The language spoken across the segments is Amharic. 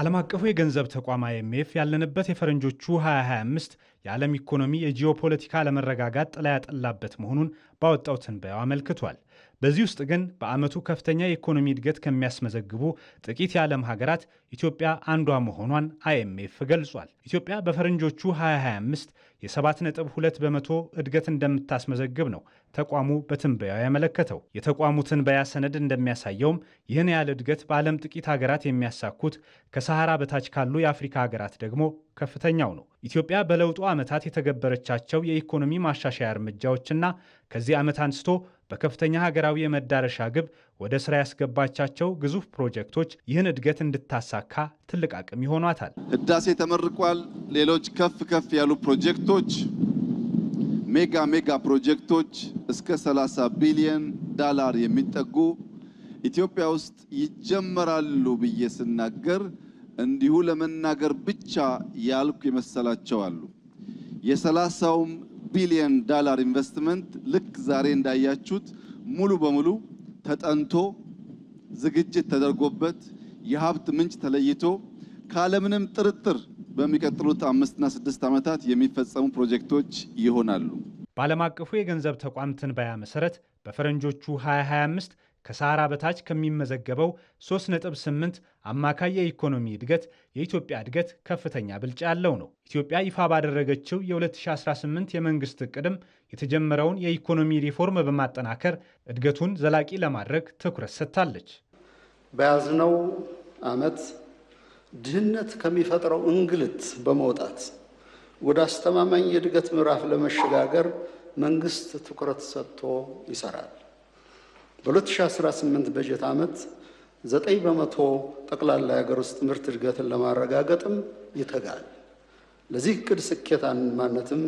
ዓለም አቀፉ የገንዘብ ተቋም አይኤምኤፍ ያለንበት የፈረንጆቹ 2025 የዓለም ኢኮኖሚ የጂኦፖለቲካ አለመረጋጋት ጥላ ያጠላበት መሆኑን ባወጣው ትንበያው አመልክቷል። በዚህ ውስጥ ግን በዓመቱ ከፍተኛ የኢኮኖሚ እድገት ከሚያስመዘግቡ ጥቂት የዓለም ሀገራት ኢትዮጵያ አንዷ መሆኗን አይኤምኤፍ ገልጿል። ኢትዮጵያ በፈረንጆቹ 2025 የ7.2 በመቶ እድገት እንደምታስመዘግብ ነው ተቋሙ በትንበያው ያመለከተው። የተቋሙ ትንበያ ሰነድ እንደሚያሳየውም ይህን ያህል እድገት በዓለም ጥቂት ሀገራት የሚያሳኩት ከሰሃራ በታች ካሉ የአፍሪካ ሀገራት ደግሞ ከፍተኛው ነው። ኢትዮጵያ በለውጡ ዓመታት የተገበረቻቸው የኢኮኖሚ ማሻሻያ እርምጃዎችና ከዚህ ዓመት አንስቶ በከፍተኛ ሀገራዊ የመዳረሻ ግብ ወደ ስራ ያስገባቻቸው ግዙፍ ፕሮጀክቶች ይህን እድገት እንድታሳካ ትልቅ አቅም ይሆኗታል። ህዳሴ ተመርቋል። ሌሎች ከፍ ከፍ ያሉ ፕሮጀክቶች ሜጋ ሜጋ ፕሮጀክቶች እስከ 30 ቢሊዮን ዳላር የሚጠጉ ኢትዮጵያ ውስጥ ይጀመራሉ ብዬ ስናገር እንዲሁ ለመናገር ብቻ ያልኩ የመሰላቸው አሉ። የሰላሳውም ቢሊዮን ዳላር ኢንቨስትመንት ልክ ዛሬ እንዳያችሁት ሙሉ በሙሉ ተጠንቶ ዝግጅት ተደርጎበት የሀብት ምንጭ ተለይቶ ካለምንም ጥርጥር በሚቀጥሉት አምስትና ስድስት ዓመታት የሚፈጸሙ ፕሮጀክቶች ይሆናሉ። በዓለም አቀፉ የገንዘብ ተቋም ትንበያ መሰረት በፈረንጆቹ 2025 ከሰሃራ በታች ከሚመዘገበው 3.8 አማካይ የኢኮኖሚ እድገት የኢትዮጵያ እድገት ከፍተኛ ብልጫ ያለው ነው። ኢትዮጵያ ይፋ ባደረገችው የ2018 የመንግስት ቅድም የተጀመረውን የኢኮኖሚ ሪፎርም በማጠናከር እድገቱን ዘላቂ ለማድረግ ትኩረት ሰጥታለች። በያዝነው ዓመት ድህነት ከሚፈጥረው እንግልት በመውጣት ወደ አስተማማኝ የእድገት ምዕራፍ ለመሸጋገር መንግስት ትኩረት ሰጥቶ ይሰራል። በ2018 በጀት ዓመት 9 በመቶ ጠቅላላ የሀገር ውስጥ ምርት እድገትን ለማረጋገጥም ይተጋል። ለዚህ እቅድ ስኬታማነትም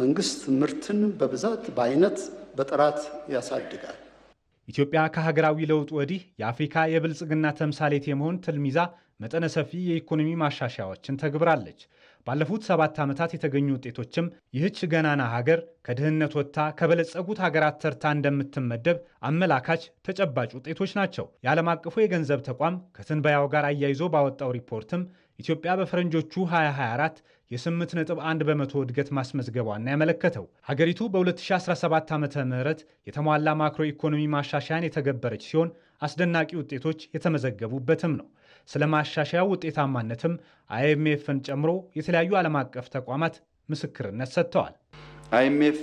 መንግስት ምርትን በብዛት በአይነት፣ በጥራት ያሳድጋል። ኢትዮጵያ ከሀገራዊ ለውጥ ወዲህ የአፍሪካ የብልጽግና ተምሳሌት የመሆን ትልም ይዛ መጠነ ሰፊ የኢኮኖሚ ማሻሻያዎችን ተግብራለች። ባለፉት ሰባት ዓመታት የተገኙ ውጤቶችም ይህች ገናና ሀገር ከድህነት ወጥታ ከበለጸጉት ሀገራት ተርታ እንደምትመደብ አመላካች ተጨባጭ ውጤቶች ናቸው። የዓለም አቀፉ የገንዘብ ተቋም ከትንበያው ጋር አያይዞ ባወጣው ሪፖርትም ኢትዮጵያ በፈረንጆቹ 2024 የ8.1 በመቶ እድገት ማስመዝገቧና ያመለከተው ሀገሪቱ በ2017 ዓ ም የተሟላ ማክሮ ኢኮኖሚ ማሻሻያን የተገበረች ሲሆን አስደናቂ ውጤቶች የተመዘገቡበትም ነው። ስለ ማሻሻያ ውጤታማነትም አይኤምኤፍን ጨምሮ የተለያዩ ዓለም አቀፍ ተቋማት ምስክርነት ሰጥተዋል። አይኤምኤፍ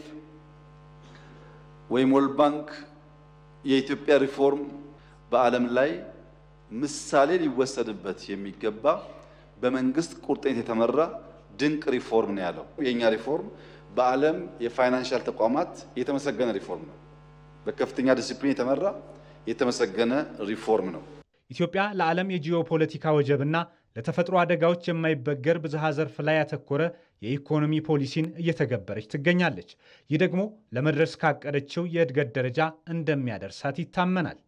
ወይም ወርልድ ባንክ የኢትዮጵያ ሪፎርም በዓለም ላይ ምሳሌ ሊወሰድበት የሚገባ በመንግስት ቁርጠኝነት የተመራ ድንቅ ሪፎርም ነው ያለው። የእኛ ሪፎርም በዓለም የፋይናንሻል ተቋማት የተመሰገነ ሪፎርም ነው። በከፍተኛ ዲስፕሊን የተመራ የተመሰገነ ሪፎርም ነው። ኢትዮጵያ ለዓለም የጂኦፖለቲካ ወጀብና ለተፈጥሮ አደጋዎች የማይበገር ብዝሃ ዘርፍ ላይ ያተኮረ የኢኮኖሚ ፖሊሲን እየተገበረች ትገኛለች። ይህ ደግሞ ለመድረስ ካቀደችው የእድገት ደረጃ እንደሚያደርሳት ይታመናል።